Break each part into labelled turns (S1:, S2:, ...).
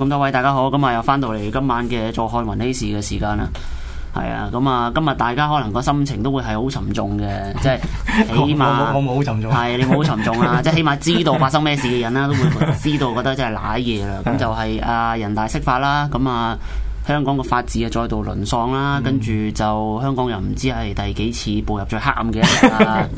S1: 咁多位大家好，咁啊又翻到嚟今晚嘅坐看雲起時嘅時間啦，係啊，咁啊今日大家可能個心情都會係好沉重嘅， 即係起碼我冇好沉重，係、啊、你冇好沉重啦、啊， 即係起碼知道發生咩事嘅人啦，都會知道，覺得真係瀨嘢啦。咁 就係啊人大釋法啦，咁啊香港個法治啊再度淪喪啦，跟住、嗯、就香港人唔知係第幾次步入最黑暗嘅、啊。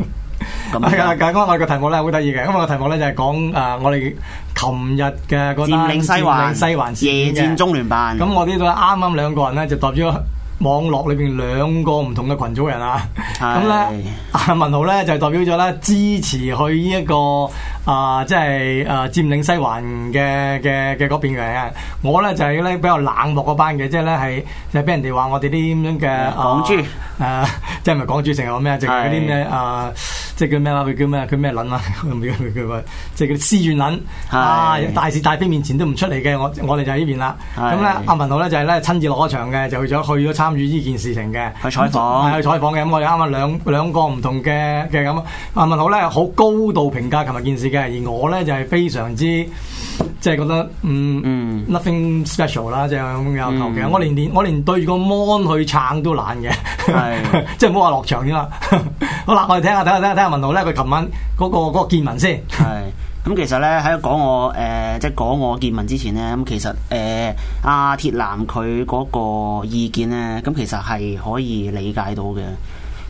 S2: 咁啊，阿阿我哋個題目咧好得意嘅，因為個題目咧就係講誒，我哋琴日嘅佔領西環、西環夜戰
S1: 中聯辦，咁
S2: 我呢度啱啱兩個人咧就代表網絡裏邊兩個唔同嘅群組人啊，
S1: 咁
S2: 咧阿文豪咧就代表咗咧支持去呢一個。啊，即係誒佔領西環嘅嘅嘅嗰邊嘅，我咧就係咧比較冷漠嗰班嘅，即係咧係係俾人哋話我哋啲咁樣嘅港豬誒，即係唔係港豬成日講咩啊？就係嗰啲咩啊，即係叫咩啊，佢叫咩？佢咩撚啊？我唔記得佢叫乜，即係嗰啲思怨撚啊！大事大非面前都唔出嚟嘅，我我哋就喺呢邊啦。咁咧的，阿以、啊、文豪咧就係咧親自落咗場嘅，就去咗去咗參與呢件事情嘅。去採訪去採訪嘅。咁我哋啱啱兩兩個唔同嘅嘅咁。阿、啊啊、文豪咧好高度評價琴日件事。啊啊而我咧就係、是、非常之即係覺得嗯,嗯 nothing special 啦，即係咁有求嘅。我連連我連對住個 mon 去撐都懶嘅， 是的 即係唔好話落場嘅嘛。好啦，我哋聽下，睇下睇下睇下文豪咧，佢琴晚嗰、嗰個嗰、嗰個見聞、嗰個、先。係咁、呃就是，其實咧喺度講我誒，
S1: 即係講我見聞之前咧，咁其實誒阿鐵男佢嗰個意見咧，咁其實係可以理解到嘅。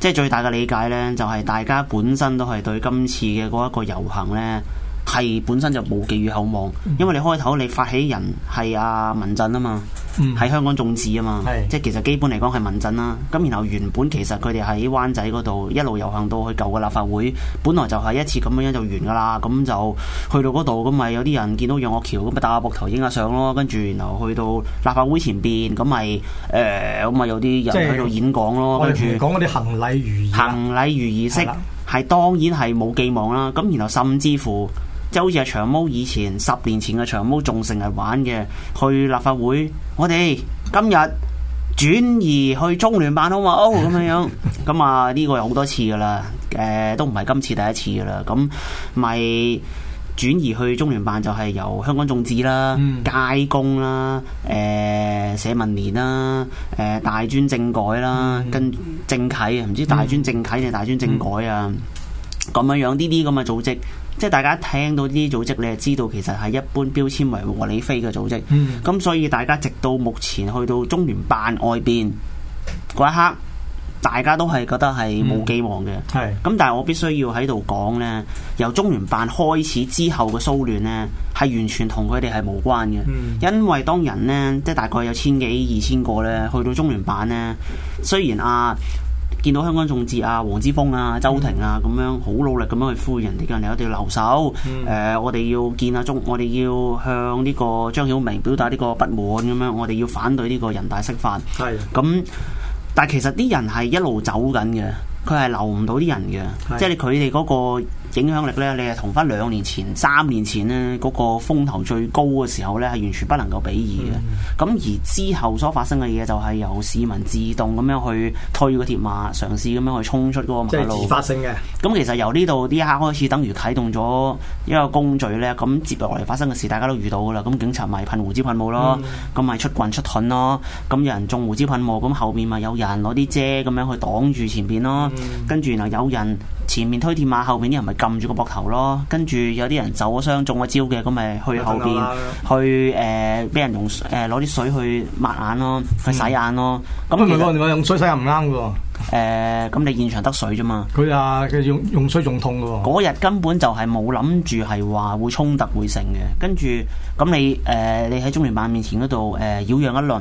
S1: 即係最大嘅理解呢，就係大家本身都係對今次嘅嗰一個遊行呢，係本身就冇寄予厚望，嗯、因為你開頭你發起人係阿、啊、民陣啊嘛，喺、嗯、香港眾志啊嘛，是即係其實基本嚟講係民陣啦。咁然後原本其實佢哋喺灣仔嗰度一路遊行到去舊嘅立法會，本來就係一次咁樣就完㗎啦。咁就去到嗰度咁咪有啲人見到楊岳橋咁咪打下膊頭影下相咯。跟住然後去到立法會前邊咁咪誒咁啊，呃、有啲人喺度演講咯。跟住講嗰啲行禮如儀、啊、行禮如儀式係對啦 當然係冇寄望啦。咁然後甚至乎。即係好似係長毛，以前十年前嘅長毛仲成日玩嘅，去立法會。我哋今日轉移去中聯辦好嘛？哦、oh，咁樣樣咁啊！呢、這個有好多次噶啦，誒、呃、都唔係今次第一次噶啦。咁咪轉移去中聯辦就係由香港眾志啦、嗯、街工啦、誒、呃、社民連啦、誒、呃、大專政改啦、跟、嗯嗯、政啟啊，唔知大專政啟定大專政改啊，咁、嗯嗯、樣這這樣呢啲咁嘅組織。即係大家聽到呢啲組織，你就知道其實係一般標籤為和理非嘅組織。咁、mm. 嗯、所以大家直到目前去到中聯辦外邊嗰一刻，大家都係覺得係冇寄望嘅。咁、mm. 但係我必須要喺度講呢：由中聯辦開始之後嘅騷亂呢，係完全同佢哋係無關嘅。因為當人呢，即係大概有千幾二千個呢去到中聯辦呢，雖然啊。見到香港眾志啊、黃之鋒啊、周庭啊咁樣好、嗯、努力咁樣去呼籲人哋，人哋一定要留守。誒、嗯呃，我哋要見阿鍾，我哋要向呢個張曉明表達呢個不滿咁樣，我哋要反對呢個人大釋法。係。咁，但係其實啲人係一路走緊嘅，佢係留唔到啲人嘅，是的 即係佢哋嗰個。影響力咧，你係同翻兩年前、三年前呢嗰、那個風頭最高嘅時候咧，係完全不能夠比擬嘅。咁、嗯、而之後所發生嘅嘢，就係由市民自動咁樣去推個鐵馬，嘗試咁樣去衝出嗰個馬路。即係自發性嘅。咁、嗯、其實由呢度一刻開始，等於啟動咗一個工序咧。咁接落嚟發生嘅事，大家都遇到噶啦。咁警察咪噴胡椒噴霧咯，咁咪、嗯、出棍出盾咯。咁有人中胡椒噴霧，咁後面咪有人攞啲遮咁樣去擋住前邊咯。嗯、跟住然後有人。前面推鐵馬，後邊啲人咪撳住個膊頭咯。跟住有啲人走咗傷，中咗招嘅，咁咪去後邊 去誒，俾、呃、人用誒攞啲水去抹眼咯，去洗眼咯。咁唔係喎，用水洗又唔啱嘅喎。誒咁、呃、你現場得水啫嘛？佢啊，佢用
S2: 用水仲痛喎、哦。
S1: 嗰日根本就係冇諗住係話會衝突會成嘅。跟住咁你誒、呃、你喺中聯辦面前嗰度誒擾攘一輪，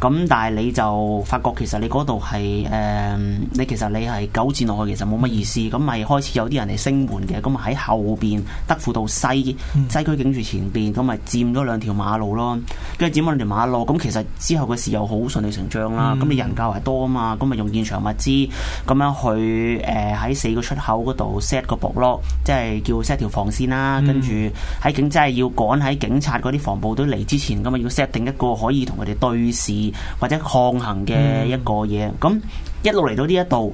S1: 咁但係你就發覺其實你嗰度係誒你其實你係糾纏落去其實冇乜意思。咁咪、嗯、開始有啲人嚟聲援嘅。咁咪喺後邊德輔道西西區警署前邊，咁咪佔咗兩條馬路咯。跟住佔咗兩條馬路，咁其實之後嘅事又好順理成章啦。咁你人較為多啊嘛，咁咪用現場咪、就是。知咁樣去誒喺、呃、四個出口嗰度 set 個布咯，即係叫 set 條防線啦。嗯、跟住喺警，即係要趕喺警察嗰啲防暴隊嚟之前，咁啊要 set 定一個可以同佢哋對視或者抗衡嘅一個嘢。咁、嗯、一路嚟到呢一度，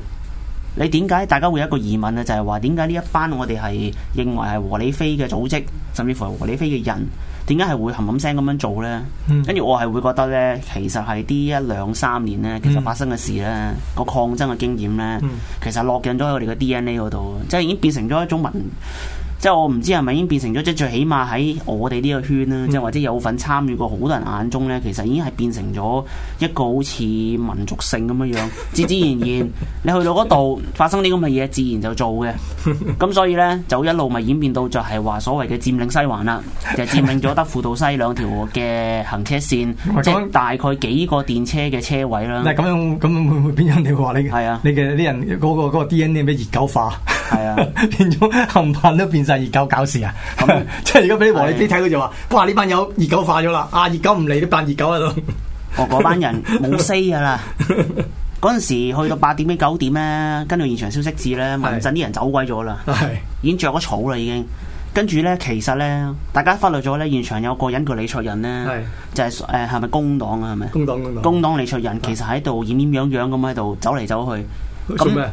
S1: 你點解大家會有一個疑問咧？就係話點解呢一班我哋係認為係和理非嘅組織，甚至乎係和理非嘅人？點解係會冚唥聲咁樣做呢？跟住、嗯、我係會覺得呢，其實係啲一兩三年呢，其實發生嘅事呢，嗯、個抗爭嘅經驗呢，嗯、其實落印咗喺我哋嘅 DNA 嗰度，即係已經變成咗一種文。即係我唔知係咪已經變成咗，即係最起碼喺我哋呢個圈啦，嗯、即係或者有份參與過好多人眼中咧，其實已經係變成咗一個好似民族性咁樣樣，自自然然，然你去到度發生啲咁嘅嘢，自然就做嘅。咁 所以咧就一路咪演變到就係話所謂嘅佔領西環啦，就佔、是、領咗德輔道西兩條嘅行車線，即係 大概幾個電車嘅車位
S2: 啦。但係咁樣咁樣會，會變樣，你話是、啊、你係啊？你嘅啲人個個 DNA 俾熱狗化係是啊，變咗冚唪都變曬。二九搞事啊！嗯、 即係如果俾黃你基睇佢就話：哇！呢班友二九化咗啦，啊！二九唔嚟都扮二九喺度。哦， 嗰班人冇 sey
S1: 噶啦。嗰陣時去到八點幾九點咧，跟住現場消息至咧，聞陣啲人走鬼咗啦，是的 已經着咗草啦，已經。跟住咧，其實咧，大家忽略咗咧，現場有個人叫李卓人咧，就係、是、誒，係咪工黨啊？係咪？工黨工黨李卓人其實喺度掩掩樣樣，咁喺度走嚟走去。做咩？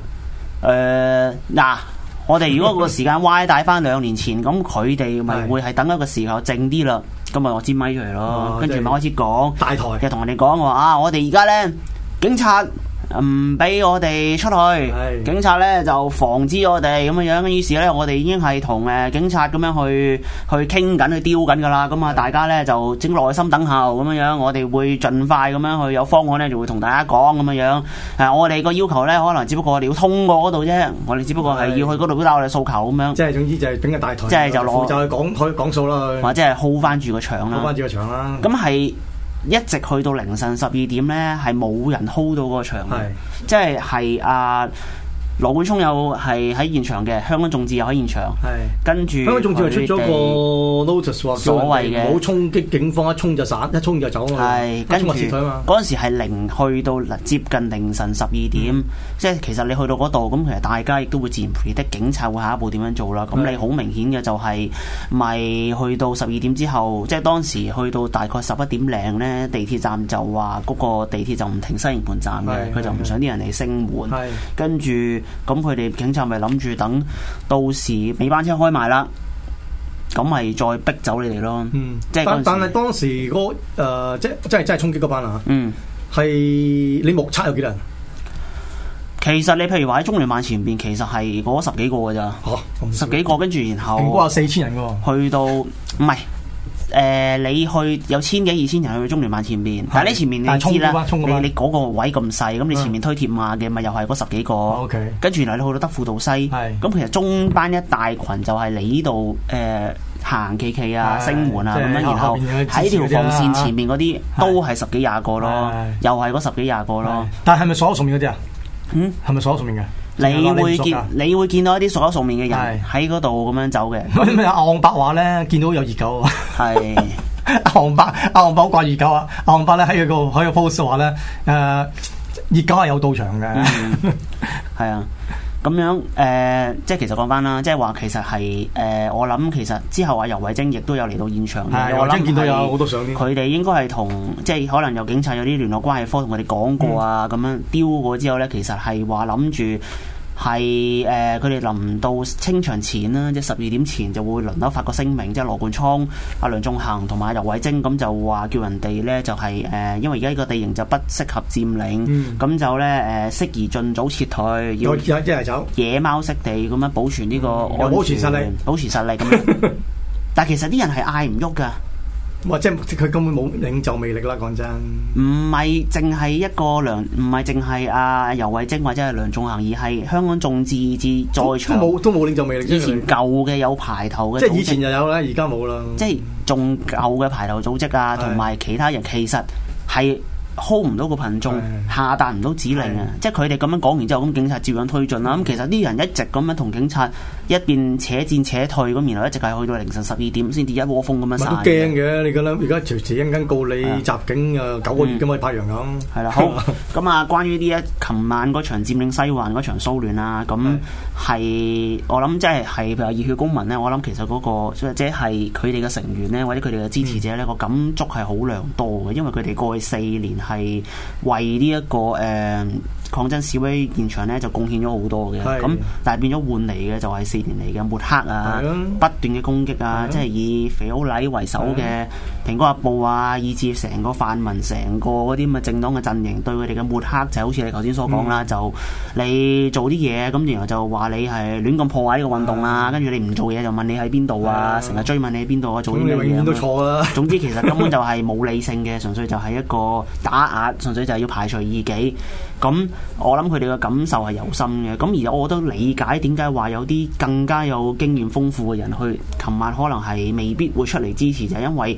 S1: 誒，嗱。我哋如果個時間歪大翻兩年前，咁佢哋咪會係等一個時候靜啲啦，咁咪我支咪出嚟咯，跟住咪開始講，大台，又同人哋講話啊，我哋而家咧警察。唔俾我哋出去，的警察咧就防止我哋咁樣樣。於是咧，我哋已經係同誒警察咁樣去去傾緊去屌緊噶啦。咁啊，大家咧就整耐心等候咁樣樣。我哋會盡快咁樣去有方案咧，就會同大家講咁樣樣。誒、啊，我哋個要求咧，可能只不過我哋要通過嗰度啫。我哋只不過係要去嗰度表達我哋訴求咁樣。即係總之就係整架大台，即係就攞負責去講去
S2: 講數啦。或即係
S1: hold 翻住個牆啦，翻住個
S2: 牆啦。咁
S1: 係。一直去到凌晨十二點呢，係冇人 hold 到個場，是即係係啊。羅冠聰又係喺現場嘅，香港眾志又喺現場，係跟住香港眾志又出咗個
S2: notice 話所謂嘅，冇
S1: 衝擊警方一衝就散，一衝就走，係跟住嗰陣時係零去到接近凌晨十二點，即係其實你去到嗰度，咁其實大家亦都會自然 predict 警察會下一步點樣做啦。咁你好明顯嘅就係咪去到十二點之後，即係當時去到大概十一點零呢，地鐵站就話嗰個地鐵就唔停西營盤站嘅，佢就唔想啲人嚟聲援，跟住。咁佢哋警察咪諗住等到時尾班車開埋啦，咁咪再逼走你哋咯。嗯，
S2: 即係但但係當時誒，即係、那個呃、真係真係衝擊嗰班啊吓。嗯，係
S1: 你目測有幾多人？其實你譬如話喺中聯辦前邊，其實係嗰十幾個噶咋。啊、十幾個跟住然後。警局有四
S2: 千人噶。去到
S1: 唔係。誒，你去有千幾二千人去中聯辦前面。但係你前面你知啦，你你嗰個位咁細，咁你前面推鐵馬嘅咪又係嗰十幾個，ok，跟住原來你去到德輔道西，咁其實中班一大群就係你呢度誒行企企啊、升門啊咁樣，然後喺條防線前面嗰啲都係十幾廿個咯，又係嗰十幾廿個
S2: 咯。但係咪所有上面嗰啲啊？嗯，係咪所有上面嘅？你，你會見你會見到一啲熟口熟面嘅人喺嗰度咁樣走嘅。我啲咩阿紅伯話咧，見到有熱狗。係阿紅伯，阿紅伯好掛熱狗啊！阿紅伯咧喺個喺個 post 話咧，誒、呃，熱狗係有到場嘅。
S1: 係啊的。 .
S2: 咁樣誒、呃，
S1: 即係其實講返啦，即係話其實係誒、呃，我諗其實之後啊，游蕙禎亦都有嚟到現場。係的，我諗見到有好多相。佢哋應該係同即係可能有警察有啲聯絡關係科同佢哋講過啊，咁、嗯、樣丟過之後呢，其實係話諗住。係誒，佢哋、呃、臨到清場前啦，即係十二點前就會輪流發個聲明，即係羅冠聰、阿梁頌恆同埋阿游蕙禎咁就話叫人哋呢、就係，就係誒，因為而家呢個地形就不適合佔領，咁、嗯、就呢，誒、呃、適宜盡早撤退，要野走野貓式地咁樣保存呢個安全，嗯、保持保持實力，保持實力咁樣 但其實啲人係嗌唔喐㗎。
S2: 或者佢根本冇領袖魅力啦，講真。
S1: 唔係淨係一個梁，唔係淨係阿游蕙禎或者係梁頌恒，而係香港眾志在場。都冇都冇領袖魅力。以前舊嘅有排頭嘅組織，即係以前就有
S2: 啦，而家冇啦。即係仲
S1: 舊嘅排頭組織啊，同埋其他人其實係。Hold 唔到個群眾，的下達唔到指令啊！的即係佢哋咁樣講完之後，咁警察照樣推進啦。咁的其實啲人一直咁樣同警察一邊扯戰扯退，咁然後一直係去到凌晨十二點先跌一窩蜂咁樣。咪都驚
S2: 嘅，你諗啦，而家隨時一陣間告你襲警啊，的九個月噶、啊、嘛，太陽咁。係啦，好
S1: 咁啊！ 關於呢一，琴晚嗰場佔領西環嗰場騷亂啊，咁係的我諗即係係譬如熱血公民咧，我諗其實嗰、那個或者係佢哋嘅成員咧，或者佢哋嘅支持者咧，個感觸係好良多嘅，因為佢哋過去四年。係為呢、這、一個誒、呃、抗爭示威現場咧，就貢獻咗好多嘅。咁的但係變咗換嚟嘅就係、是、四年嚟嘅抹黑啊，的不斷嘅攻擊啊，的即係以肥佬黎為首嘅。蘋果阿布啊，以至成個泛民、成個嗰啲咁嘅政黨嘅陣營，對佢哋嘅抹黑就係、好似你頭先所講啦，嗯、就你做啲嘢，咁然後就話你係亂咁破壞呢個運動啊，跟住、嗯、你唔做嘢就問你喺邊度啊，成日、嗯、追問你喺邊度啊，做啲咩嘢咁。嗯、總之其實根本就係冇理性嘅， 純粹就係一個打壓，純粹就係要排除異己。咁我諗佢哋嘅感受係由心嘅。咁而我都理解點解話有啲更加有經驗豐富嘅人去，琴晚可能係未必會出嚟支持，就係、因為。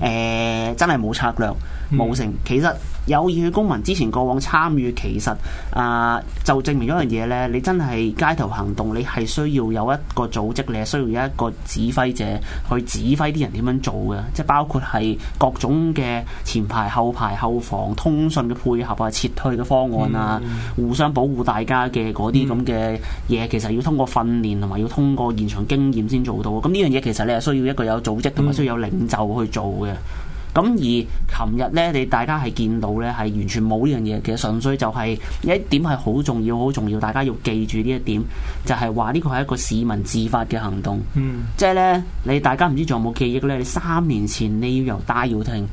S1: 誒、呃，真係冇策略、冇、嗯、成。其實有熱血公民之前過往參與，其實啊、呃，就證明一樣嘢咧。你真係街頭行動，你係需要有一個組織，你係需要有一個指揮者去指揮啲人點樣做嘅。即係包括係各種嘅前排、後排、後防、通訊嘅配合啊、撤退嘅方案啊、嗯、互相保護大家嘅嗰啲咁嘅嘢，其實要通過訓練同埋要通過現場經驗先做到。咁呢樣嘢其實你係需要一個有組織同埋需要有領袖去做。冇嘅，咁而琴日咧，你大家係見到咧，係完全冇呢樣嘢，其實純粹就係一點係好重要、好重要，大家要記住呢一點，就係話呢個係一個市民自發嘅行動。嗯，即係咧，你大家唔知仲有冇記憶咧？你三年前你要由戴耀廷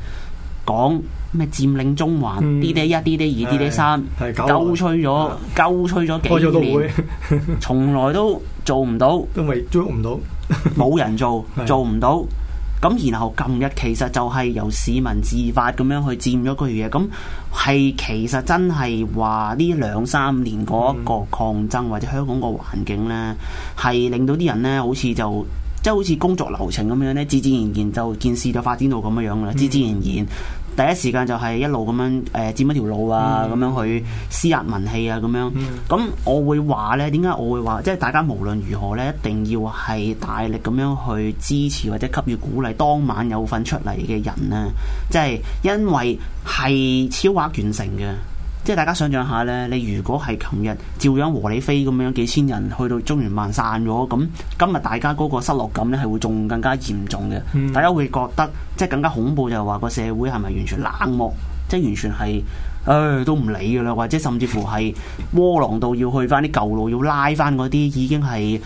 S1: 講咩佔領中環，d d、嗯、一、d d 二、d d 三，鳩吹咗鳩吹咗幾年，做 從來都做唔到，因為捉唔到， 冇人做，做唔到。咁然後近日其實就係由市民自發咁樣去佔咗佢嘢，咁係其實真係話呢兩三年嗰一個抗爭或者香港個環境呢，係、嗯、令到啲人呢好似就即係好似工作流程咁樣呢，自自然然就件事就發展到咁樣樣啦，嗯、自自然然。第一時間就係一路咁樣誒、呃、佔一條路啊，咁樣去施壓民氣啊，咁樣。咁我會話呢，點解我會話？即係大家無論如何呢，一定要係大力咁樣去支持或者給予鼓勵，當晚有份出嚟嘅人呢、啊，即係因為係超額完成嘅。即係大家想象下呢，你如果係琴日照樣和理非咁樣幾千人去到中聯辦散咗，咁今日大家嗰個失落感呢係會仲更加嚴重嘅。嗯、大家會覺得即係更加恐怖就，就係話個社會係咪完全冷漠？即係完全係，唉，都唔理噶啦，或者甚至乎係窩囊到要去翻啲舊路，要拉翻嗰啲已經係。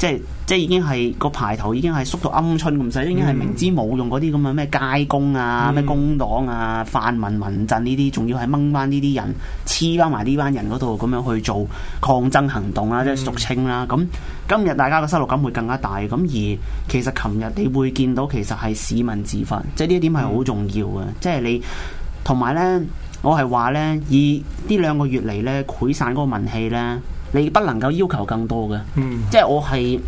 S1: 即係即係已經係個牌頭已經係縮到鵪鶉咁細，嗯、已經係明知冇用嗰啲咁嘅咩街工啊、咩、嗯、工黨啊、泛民民陣呢啲，仲要喺掹翻呢啲人、黐翻埋呢班人嗰度咁樣去做抗爭行動啦、啊，嗯、即係俗稱啦、啊。咁今日大家嘅失落感會更加大。咁而其實琴日你會見到其實係市民自發，即係呢一點係好重要嘅。嗯、即係你同埋呢，我係話呢，以呢兩個月嚟呢，潰散嗰個民氣呢。你不能夠要求更多嘅，嗯，即係我係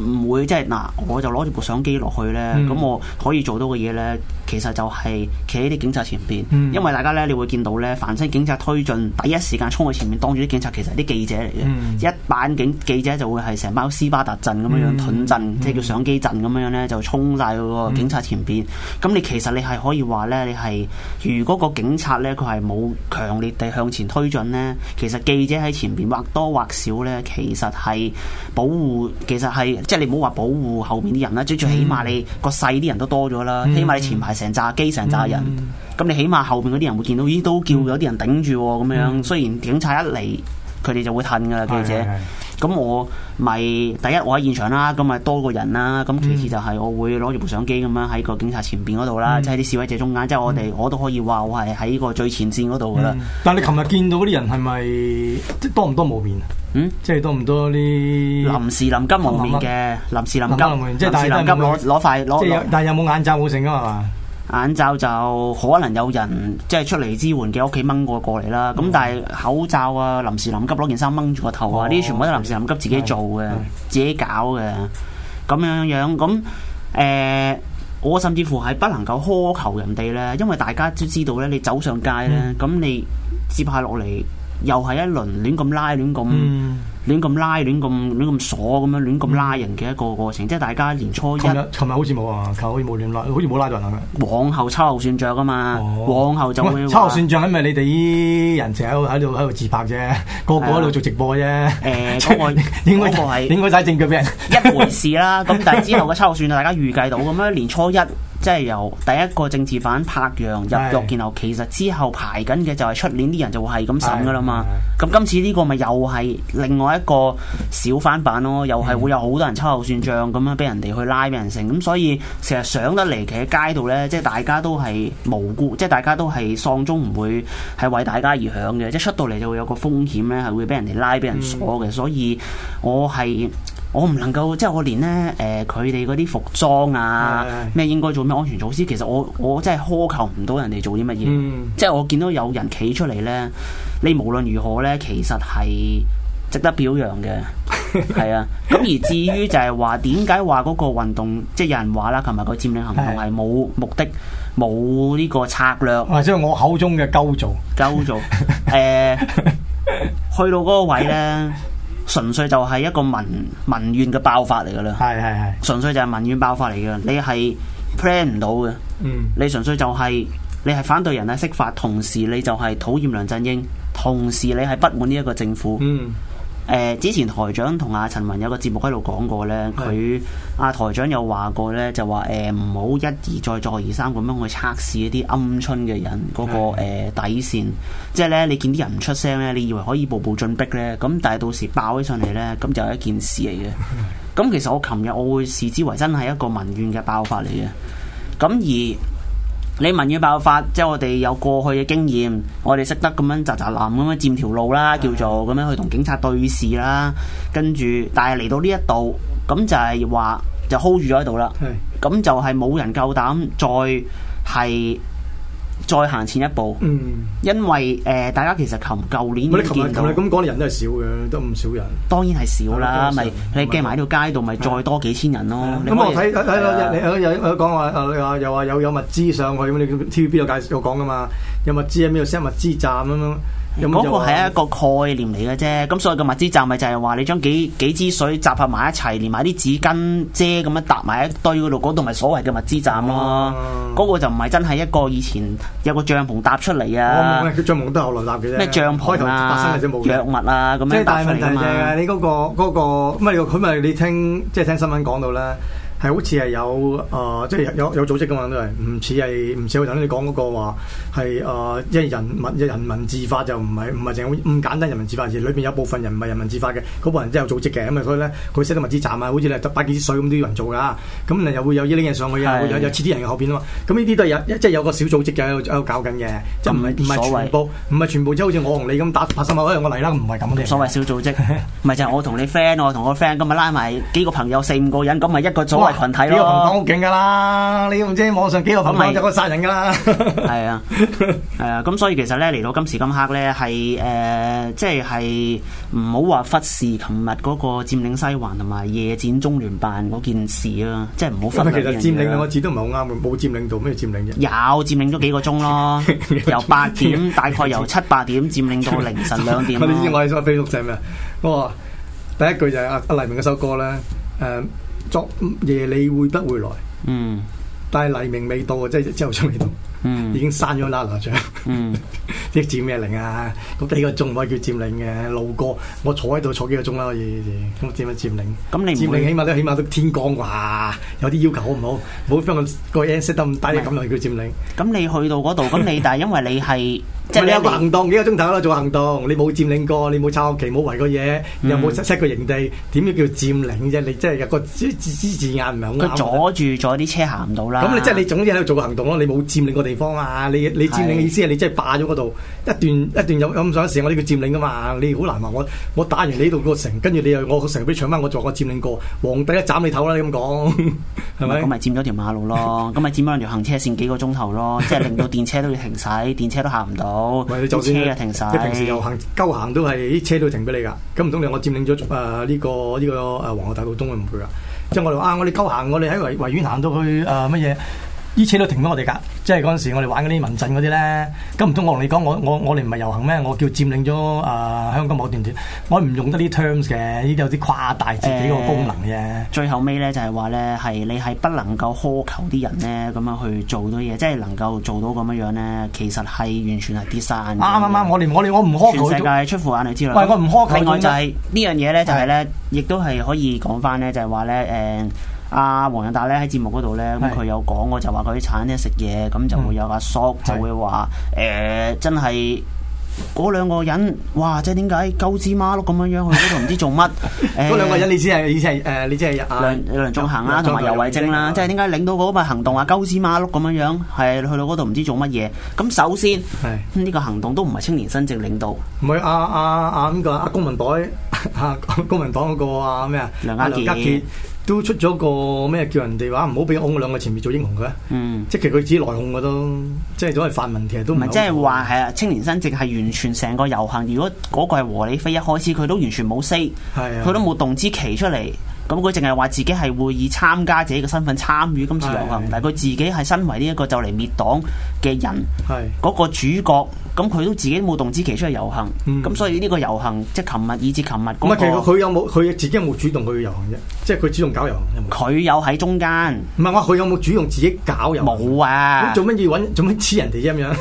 S1: 唔會即係嗱，我就攞住部相機落去咧，咁、嗯、我可以做到嘅嘢咧。其實就係企喺啲警察前邊，因為大家咧，你會見到咧，凡親警察推進，第一時間衝去前面，當住啲警察，其實啲記者嚟嘅。一班警記者就會係成班斯巴達陣咁樣樣盾陣，即係叫相機陣咁樣樣咧，就衝曬個警察前邊。咁你其實你係可以話咧，你係如果個警察咧佢係冇強烈地向前推進咧，其實記者喺前邊或多或少咧，其實係保護，其實係即係你唔好話保護後面啲人啦，最最起碼你個細啲人都多咗啦，起碼你前排。成紮機，成扎人，咁你起碼後邊嗰啲人會見到，咦？都叫有啲人頂住咁樣。雖然警察一嚟，佢哋就會褪噶啦，記者。咁我咪第一，我喺現場啦，咁咪多個人啦。咁其次就係我會攞住部相機咁樣喺個警察前邊嗰度啦，即係啲示威者中間。即係我哋，我都可以話我係喺個最前綫嗰度噶啦。
S2: 但係你琴日見到嗰啲人係咪即多唔多蒙面啊？嗯，即係多唔多啲臨時臨急蒙面嘅臨時臨急蒙面，即係但係攞攞塊，攞係
S1: 但係有冇眼罩冇剩噶嘛？眼罩就可能有人即係、就是、出嚟支援嘅，屋企掹過過嚟啦。咁但係口罩啊，臨時臨急攞件衫掹住個頭啊，呢啲、哦、全部都係臨時臨急自己做嘅，嗯、自己搞嘅咁樣樣。咁誒、呃，我甚至乎係不能夠苛求人哋咧，因為大家都知道咧，你走上街咧，咁、嗯、你接下落嚟又係一輪亂咁拉亂咁。嗯亂咁拉，亂咁亂咁鎖咁樣，亂咁拉人嘅一個過程，嗯、即係大家年初一，琴日琴日好似冇啊，琴日好似冇亂拉，好似冇拉到人啊。往後秋後算賬噶嘛，哦、往後就會秋後算
S2: 賬，因為你哋依人成日喺度喺度喺度自拍啫，個個喺度做直播啫。誒，應該應該個係，應該晒證據俾人一回事啦。咁 但係之後嘅秋後算，大家預計到咁
S1: 樣，年初一。即係由第一個政治犯柏楊入獄然後，其實之後排緊嘅就係出年啲人就會係咁審噶啦嘛。咁、哎、呀今次呢個咪又係另外一個小翻版咯，又係會有好多人秋後算帳咁樣，俾人哋去拉俾人勝。咁、嗯、所以成日上得嚟企喺街度呢，即係大家都係無辜，即係大家都係喪鐘唔會係為大家而響嘅，即係出到嚟就會有個風險呢，係會俾人哋拉俾人鎖嘅。所以我係。我唔能夠，即係我連咧，誒、呃，佢哋嗰啲服裝啊，咩的應該做咩安全措施，其實我我真係苛求唔到人哋做啲乜嘢。嗯、即係我見到有人企出嚟咧，你無論如何咧，其實係值得表揚嘅，係啊。 咁而至於就係話點解話嗰個運動，即係有人話啦，琴日個佔領行動係冇目的、冇呢的個策略。
S2: 啊，即係我口中嘅鳩
S1: 造，鳩造，誒、呃， 去到嗰個位咧。純粹就係一個民民怨嘅爆發嚟噶啦，係係係，純 粹就係民怨爆發嚟噶，你係 plan 唔到嘅，嗯，你純粹、就是，你純粹就係你係反對人大釋法，同時你就係討厭梁振英，同時你係不滿呢一個政府，嗯。呃、之前台長同阿陳文有個節目喺度講過呢佢阿的、啊、台長有話過呢就話誒唔好一而再、再而三咁樣去測試一啲鵪鶉嘅人嗰、那個的、呃、底線，即係呢，你見啲人唔出聲呢你以為可以步步進逼呢，咁但係到時爆起上嚟呢，咁就係一件事嚟嘅。咁其實我琴日我會視之為真係一個民怨嘅爆發嚟嘅，咁而。你民怨爆發，即係我哋有過去嘅經驗，我哋識得咁樣雜雜林咁樣佔條路啦，叫做咁樣去同警察對視啦，跟住，但係嚟到呢一度，咁就係話就 hold 住咗喺度啦，咁是就係冇人夠膽再係。再行前一步，因為誒、呃、大家其實琴舊年你見到，咁
S2: 講嘅人都係少嘅，都唔少人。當然
S1: 係少啦，咪你驚埋到街度咪再多幾千人咯。咁我睇
S2: 睇啦，你，你，你，你，你說說、啊、有有講話又話有有物資上去咁，你 TVB 有介紹講噶嘛？有物資啊，邊有新物資站咁樣？嗯嗰 hinges 個係一
S1: 個概念嚟嘅啫，咁所謂嘅物資站咪就係話你將幾幾支水集合埋一齊，連埋啲紙巾遮咁樣搭埋一堆嗰度，嗰度咪所謂嘅物資站咯。嗰、哦、個就唔係真係一個以前有個帳篷搭出嚟啊，咩
S2: 帳篷都後來搭嘅啫，咩帳篷啊、藥物後啊
S1: 咁樣。即係手大問題就係你
S2: 嗰個嗰個，唔係佢咪你聽，即、就、係、是、聽新聞講到啦。聽聽係好似係有誒、呃，即係有有有組織噶嘛都係，唔似係唔似我頭先你講嗰個話係即係人民人民自發，就唔係唔係淨係咁簡單人民自發，而裏邊有部分人唔係人民自發嘅，嗰部分真係有組織嘅。咁啊所以咧佢識得物資站啊，好似你百幾支水咁都要人做㗎，咁啊又會有依啲人上去，又有又設啲人嘅後邊啊嘛，咁呢啲都係有即係有個小組織嘅，有有搞緊嘅，即係唔係唔係全部，唔係全部即係好似我同你咁打打拍心口，我嚟啦，唔係咁嘅。所謂小組織，唔係 就係我同
S1: 你 friend，我同我 friend 咁啊拉埋幾個朋友四五個，個，個人，咁咪一個組。啊羣體咯，啊、幾個群黨
S2: 好勁噶啦！你唔知網上幾個粉迷就個殺人噶啦、就是。係啊， 係啊，咁所以其實
S1: 咧，嚟到今時今刻咧，係、呃、誒，即係唔好話忽視琴日嗰個佔領西環同埋夜戰中聯辦嗰件事啊，即係唔好忽視。其實佔領兩個
S2: 字都唔係好啱，冇佔領到咩佔領嘅。
S1: 有佔領咗幾個鐘咯， 有 由八點 大概由七
S2: 八點佔領到凌晨兩點。 你知我喺度記錄就係咩啊？我第一句就係阿阿黎明嗰首歌啦。誒、嗯。昨夜你會不會來？嗯，但係黎明未到，即係朝頭早未到，已經散咗啦，嗱 長、啊。嗯，佔咩領啊？咁幾個鐘唔可以叫佔領嘅？路過我坐喺度坐幾個鐘啦，可以。咁佔一佔領？咁你佔領起碼都起碼都天光啩，有啲要求好唔好？唔好分個個 end set 得咁低，咁嚟叫佔領。咁你去到嗰度，咁你但係因為你係。 唔係你，你有個行動幾個鐘頭咯，做個行動你冇佔領過，你冇拆屋企，冇圍個嘢，嗯、又冇拆個營地，點叫叫佔領啫？你即係入個支支字眼唔肯。佢阻住咗啲車行
S1: 唔到啦。咁你即係
S2: 你總之喺度做個行動咯，你冇佔領個地方啊？你你佔領嘅意思係你即係霸咗嗰度一段一段，一段有咁長嘅我呢叫佔領噶嘛？你好難話我我打完你呢度個城，跟住你又我個城俾搶翻，我仲話我，我，我佔領過，皇帝一斬你頭啦！你咁講，咁咪、嗯、佔咗條馬
S1: 路咯，咁咪佔咗條行車線幾個鐘頭咯，即係令到電車都要停駛，電車都行唔到。
S2: 哦，喂，你就算，你平時遊行、鳩行都係啲車都停俾你噶，咁唔通你我佔領咗誒呢個呢、呢個誒皇后大道東會會、就是我，啊唔會噶，即係我哋啊我哋鳩行，我哋喺維維園行到去誒乜嘢？呃依車都停咗我哋噶，即係嗰陣時我哋玩嗰啲民陣嗰啲咧，咁唔通我同你講，我我我哋唔係遊行咩？我叫佔領咗誒、呃、香港某段段，我唔用得啲 terms 嘅，呢啲有啲誇大自己個功能嘅、欸。
S1: 最後尾咧就係話咧，係你係不能夠苛求啲人咧，咁樣去做到嘢，即係能夠做到咁樣樣咧，其實係完全係跌散。啱
S2: 啱啱，我連我連我唔苛求。世界
S1: 出乎眼內之外。喂，我唔苛求。另外就係、
S2: 是、呢樣嘢咧、就是，就係
S1: 咧，亦都係可以講翻咧，就係話咧，誒。阿黃仁達咧喺節目嗰度咧，咁佢有講過，我就話佢啲產呢食嘢，咁就會有阿叔就會話，誒，真係嗰兩個人，哇，即係點解鳩絲馬碌咁樣樣去嗰度唔知做乜？嗰兩個人你知係，以前係誒，你知係梁梁頌恆啦，同埋游蕙禎啦，即係點解領到嗰個行動啊？鳩絲馬碌咁樣樣，係去到嗰度唔知做乜嘢？咁首先，咁呢個行動都唔係青年新
S2: 政領導，唔係阿阿阿咁個阿公民黨，阿公民黨嗰個啊咩啊？梁家傑。都出咗個咩叫人哋話唔好俾我兩個前面做英雄嘅，嗯、即係其實佢自己內訌嘅都，即係都係泛民其實都唔係即係話係啊，青
S1: 年新政係完全成個遊行，如果嗰個係和理非一開始，佢都完全冇 say，佢係、啊、都冇動之奇出嚟。咁佢淨係話自己係會以參加者嘅身份參與今次遊行，是的 但係佢自己係身為呢一個就嚟滅黨嘅人，嗰是的 個主角，咁佢都自己冇動之期出去遊行，咁、嗯、所以呢個遊行即係琴日以至琴日嗰個。唔係，其實佢
S2: 有冇佢自己有冇主動去遊行啫？即係佢主動搞遊行佢有喺中間。唔係，我話佢有冇主動自己搞遊行？冇有啊！做乜嘢揾？做乜黐人哋啫？咁樣？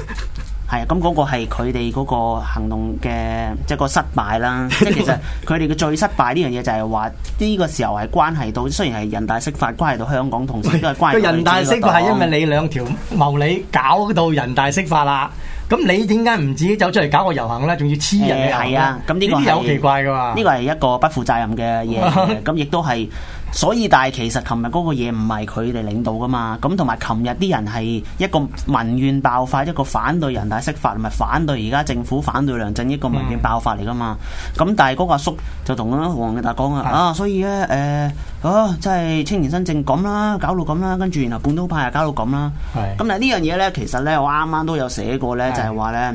S2: 係啊，咁嗰個係佢
S1: 哋嗰個行動嘅即係個失敗啦。即係其實佢哋嘅最失敗呢樣嘢就係話呢個時候係關係到，雖然係人大釋法，關係到香港同時都係關係人大釋法係因為你
S2: 兩條茂利搞到人大釋法啦。咁你點解唔自己走出嚟搞個遊行咧？仲要黐人嘅係啊！咁呢個係好奇怪㗎嘛？呢個係一
S1: 個不負責任嘅嘢，咁亦都係。所以，但係其實琴日嗰個嘢唔係佢哋領導噶嘛，咁同埋琴日啲人係一個民怨爆發，一個反對人大釋法，同埋反對而家政府反對梁振英個民怨爆發嚟噶嘛。咁但係嗰個阿叔就同嗰個黃偉達講啊，所以咧誒、呃，啊，即係青年新政咁啦，搞到咁啦，跟住然後半島派又搞到咁啦。係的。咁但係呢樣嘢咧，其實咧我啱啱都有寫過咧，就係話咧，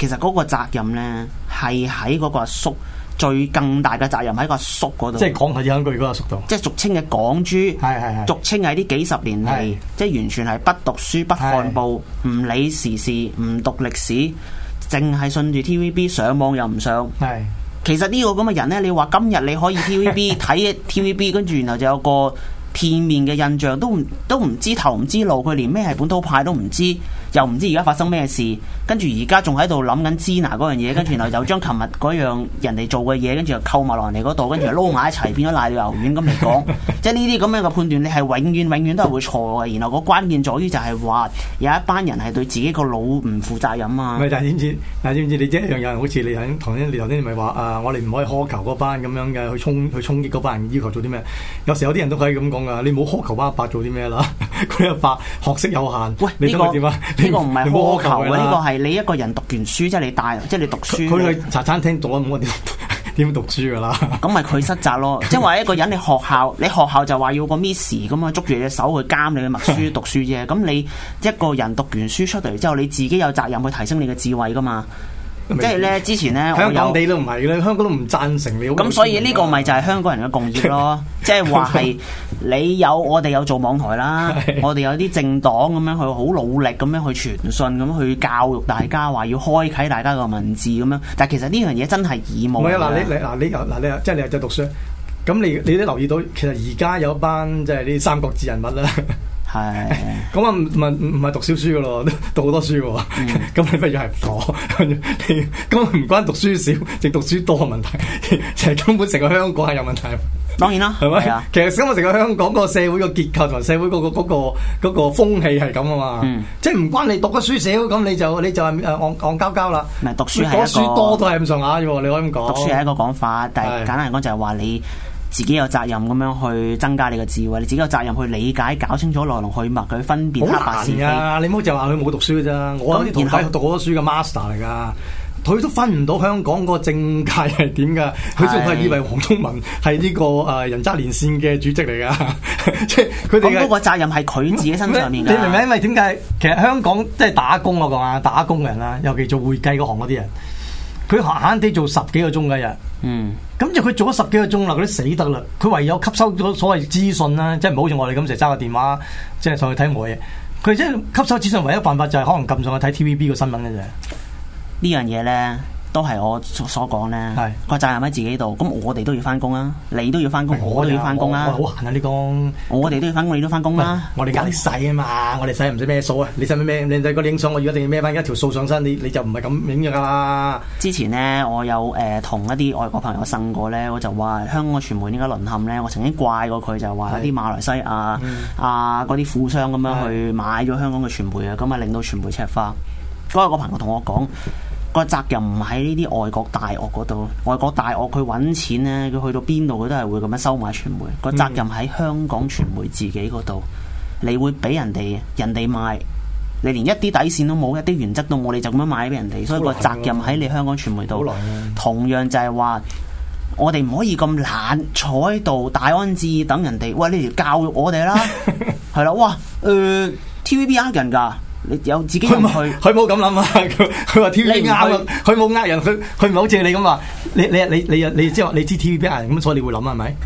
S1: 其實嗰個責任咧係喺嗰個阿叔。最更大嘅責任喺個叔嗰度，即係講
S2: 下有句嗰個叔度，即係俗稱嘅港豬，係係係，是是
S1: 是俗稱喺呢幾十年嚟，是是即係完全係不讀書、不看報、唔是是 理時事、唔讀歷史，淨係信住 TVB，上網又唔上。係是是 其實呢個咁嘅人呢，你話今日你可以 TVB 睇 TVB，跟住 然後就有個片面嘅印象，都唔都唔知頭唔知路，佢連咩係本土派都唔知。又唔知而家發生咩事，跟住而家仲喺度諗緊支拿嗰樣嘢，跟住然後就將琴日嗰樣人哋做嘅嘢，跟住又扣埋落嚟嗰度，跟住又撈埋一齊，變咗賴尿丸咁嚟講， 即係呢啲咁樣嘅判斷，你係永遠永遠都係會錯嘅。然後個關鍵在於就係話有一班人係對自己個腦唔負責任啊。咪就係點知，
S2: 知？但係點知，知你即係一樣有人，好似你喺頭先，你頭先咪話啊，我哋唔可以苛求嗰班咁樣嘅去衝去衝擊嗰班人，要求做啲咩？有時有啲人都可以咁講噶，你唔好苛求班阿伯做啲咩啦。佢阿伯學識有限，喂，你覺得點啊？ 呢個唔係苛求喎，呢個係你一個人讀完書即係、就是、你帶，即、就、係、是、你讀書。佢去茶餐廳做都冇乜點樣讀書噶啦。咁咪佢失
S1: 責咯？即係話一個人你學校，你學校就話要個 miss 咁樣，捉住你隻手去監你嘅默書 讀書啫。咁你一個人讀完書出嚟之後，你自己有責任去提升你嘅智慧噶嘛。
S2: 即係咧，之前咧，香港地有都
S1: 唔係咧，香港都唔贊成你。咁所以呢個咪就係香港人嘅共業咯。 即係話係你有，我哋有做網台啦， 我哋有啲政黨咁樣去好努力咁樣去傳信，咁去教育大家話要開啓
S2: 大家嘅文字咁樣。但係其實呢樣嘢真係耳目。唔係啊！嗱，你你嗱你啊嗱你即係你係在讀書。咁你你都留意到，其實而家有班即係呢三國志人物啦。 係，咁啊唔唔唔係讀書少噶咯，讀好多書噶，咁你不如係錯，根本唔關讀書少，淨讀書多嘅問題，就係根本成個香港係有問題。當然啦，係咪啊？其實根本成個香港個香港社會個結構同埋社會嗰、嗰個嗰、嗰個嗰、嗰個風氣係咁啊嘛，嗯、即係唔關你讀得書少，咁你就你就係戇戇交交啦。唔係讀書係，讀書多都係咁上下嘅，你可以咁講。讀書係一個講法，但係簡單嚟講就係話你。
S1: 哎自己有責任咁樣去增加你嘅智慧，你自己有責任去理解、搞清楚來龍去脈，
S2: 佢分別黑白是非。啊、你唔好就話佢冇讀書嘅啫。我啲同學讀好多書嘅 master 嚟噶，佢都分唔到香港個政界係點噶，佢仲係以為黃忠文係呢、這個誒、呃、人渣連線嘅主席嚟噶。講到個責任係佢自己身上面，你明唔明？因為點解其實香港即係打工我講啊，打工嘅人啊，尤其做會計嗰、uh right? 行嗰啲人，佢閒閒哋做十幾個鐘嘅人，嗯。咁就佢做咗十幾個鐘啦，佢都死得啦。佢唯有吸收咗所謂資訊啦，即係唔好好似我哋咁成日揸個電話，即係上去睇我嘢。佢即係吸收資訊唯一辦法就係可能撳上去睇 TVB 個新聞嘅啫。樣
S1: 呢樣嘢咧。都係我所講咧，個責任喺自己度。咁我哋都要翻工啊，
S2: 你都要翻工，我都要翻工啊。好閒啊，你工，我哋都要翻工，你都翻工啦。我哋間地細啊嘛，我哋細唔使咩數啊。你使咩咩，你個影相，我如果一定要孭翻一條數上身，你你就唔係咁影嘅啦。之前咧，我有誒同一啲外國朋友爭過咧，我就話香
S1: 港嘅傳媒點解淪陷咧？我曾經怪過佢，就話有啲馬來西亞啊嗰啲富商咁樣去買咗香港嘅傳媒啊，咁啊令到傳媒赤化。都係我朋友同我講。個責任唔喺呢啲外國大鱷嗰度，外國大鱷佢揾錢呢，佢去到邊度佢都係會咁樣收買傳媒。個、嗯、責任喺香港傳媒自己嗰度，你會俾人哋，人哋賣，你連一啲底線都冇，一啲原則都冇，你就咁樣賣俾人哋。所以個責任喺你香港傳媒度。同樣就係話，我哋唔可以咁懶坐喺度大安旨意等人哋。喂，你哋教育我哋啦，係啦， 哇，誒、呃、
S2: ，TVB 呃人噶。你有自己唔去佢冇咁諗啊！佢佢話 TVB 佢冇呃人，佢佢唔係好似你咁話、啊，你你你你你即係話你知，知 TVB 呃人咁，所以你會諗係咪？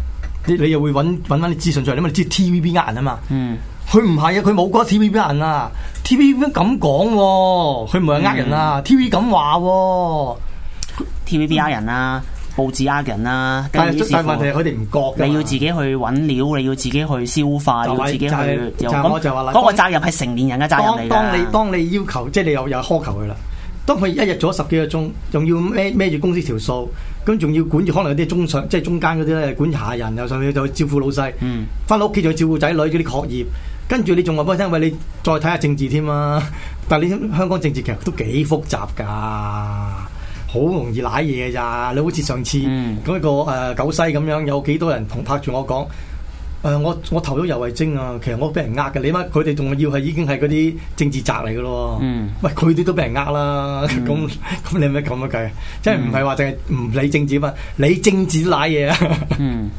S2: 你你又會揾揾翻啲資訊出嚟，因為你知 TVB 呃人啊嘛。
S1: 嗯，
S2: 佢唔係啊，佢冇過 TVB 呃人啊，TVB 咁講喎，佢唔係呃人啊，TVB 咁話
S1: 喎，TVB 呃人啊。報紙呃人啦，啊，但係但問題佢哋
S2: 唔覺，你要
S1: 自己去揾料，你要自己去消化，對要自己去咁就話嗰個
S2: 責任係成年人嘅責任嚟當。的當你當你要求，即係你又又苛求佢啦。當佢一日做咗十幾個鐘，仲要孭孭住公司條數，咁仲要管住可能有啲中上，即係中間嗰啲咧，管下人又上去就去照顧老細，翻，嗯、到屋企就照顧仔女嗰啲學業，跟住你仲話俾我聽，喂，你再睇下政治添，啊、啦。但係你香港政治其實都幾複雜噶。好容易舐嘢咋？你好似上次嗰一、那個誒九、呃、西咁樣，有幾多人同拍住我講誒、呃？我我投咗游蕙禎啊！其實我都俾人呃嘅。你乜佢哋仲要係已經係嗰啲政治宅嚟嘅咯？喂，佢啲都俾人呃啦。咁咁、嗯、 你有咩咁嘅計？即係唔係話淨係唔理政治嘛？理政治舐嘢啊！ 嗯、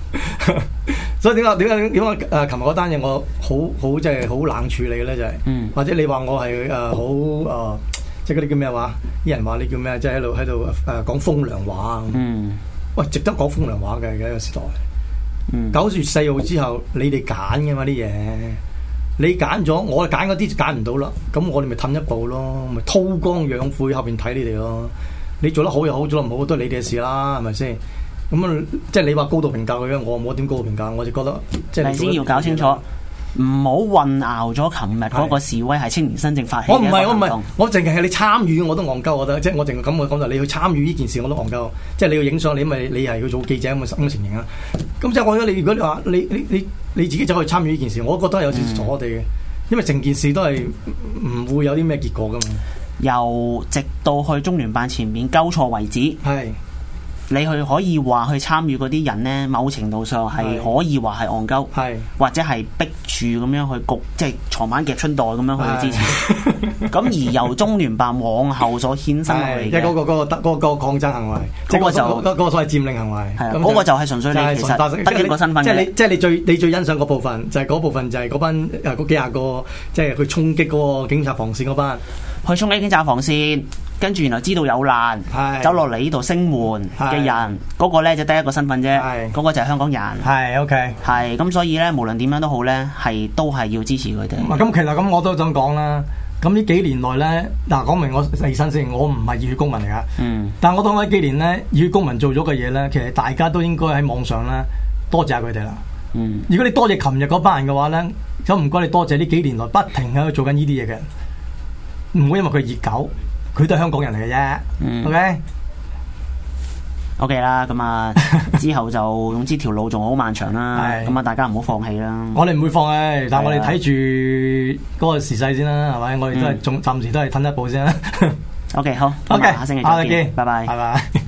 S2: 所以點解點解點解誒？琴日嗰單嘢我好好即係好冷處理咧，就係、是嗯、或者你話我係誒好誒。呃呃即係嗰啲叫咩話？啲人話你叫咩？即係喺度喺度誒講風涼話。嗯，喂，值得講風涼話嘅，而家個時代。嗯，九月四號之後，你哋揀嘅嘛啲嘢，你揀咗，我揀嗰啲就揀唔到啦。咁我哋咪褪一步咯，咪韜光養晦，後邊睇你哋咯。你做得好又好，做得唔好都係你哋嘅事啦，係咪先？咁即係你話高度評價嘅，我冇一點高度評價，我就覺得即係。先要搞清楚。唔好混淆咗，琴日嗰個示威係青年新政發起。我唔係，我唔係，我淨係你參與，我都戇鳩，我覺得，即係我淨係咁嘅講就，你要參與呢件事，我都戇鳩。即係你要影相，你咪你係要做記者咁嘅情形啊。咁即係我覺得你如果你話你你你你自己走去參與呢件事，我覺得有啲阻我哋嘅，嗯、因為成件事都係唔會有啲咩結果嘅嘛。由直到去中聯
S1: 辦前面鳩錯為止。係。你去可以話去參與嗰啲人咧，某程度上係可以話係戇鳩，是的 或者係逼住咁樣去焗，即係牀板夾春袋咁樣去支持。咁是的 而由中聯辦往後所衍生嘅，即係嗰個
S2: 嗰、那個那個那個、抗爭行為，個就即係嗰個所謂佔領行為，嗰的就個就係純粹你其實得幾個身份即係你即係你，就是、你最你最欣賞嗰部分，就係、是、嗰部分就係嗰班誒嗰幾廿個，即、就、係、是、去衝擊嗰個警察防線嗰班，去衝擊警察防線。跟住，原來知道
S1: 有難是走落嚟呢度聲援嘅人，嗰是個咧就得一個身份啫。嗰是個就係香港人。係 O K。係、okay. 咁，所以咧，無論點樣都好咧，係都係要支持佢哋。咁，
S2: 其實咁我都想講啦。咁呢幾年內咧，嗱講明我自身先，我唔係熱血公民嚟噶。嗯。但我當咗幾年咧，熱血公民做咗嘅嘢咧，其實大家都應該喺網上咧多謝下佢哋啦。嗯。如果你多謝琴日嗰班人嘅話咧，咁唔該你多謝呢幾年來不停喺度做緊呢啲嘢嘅，唔會因為佢熱狗。佢都係香港人嚟嘅啫，O K，O K 啦，咁啊之後就總之條
S1: 路仲好漫長啦，咁啊大家唔好放棄啦。我哋唔
S2: 會放棄，但我哋睇住嗰個時勢先啦，係咪？我哋都係仲暫時都係褪一步先啦。O K，好，O K，下星期再見，拜拜，拜拜。